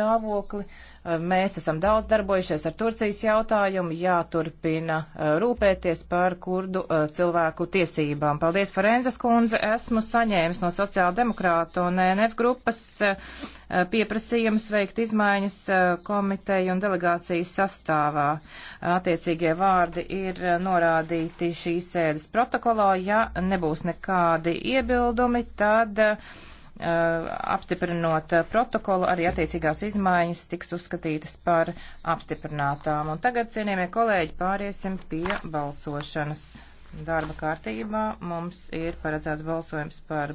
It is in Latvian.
stāvokli. Mēs esam daudz darbojušies ar Turcijas jautājumu, jāturpina rūpēties par kurdu cilvēku tiesībām. Paldies, Farenzas kundze, esmu saņēmis no sociāldemokrāta un ENF grupas pieprasījums veikt izmaiņas komiteju un delegācijas sastāvā. Attiecīgie vārdi ir norādīti šīs sēdes protokolā. Ja nebūs nekādi iebildumi, tad. Eh, apstiprinot eh, protokolu, arī attiecīgās izmaiņas tiks uzskatītas par apstiprinātām. Un tagad, cienījamie kolēģi, pāriesim pie balsošanas. Darba kārtībā mums ir paredzēts balsojums par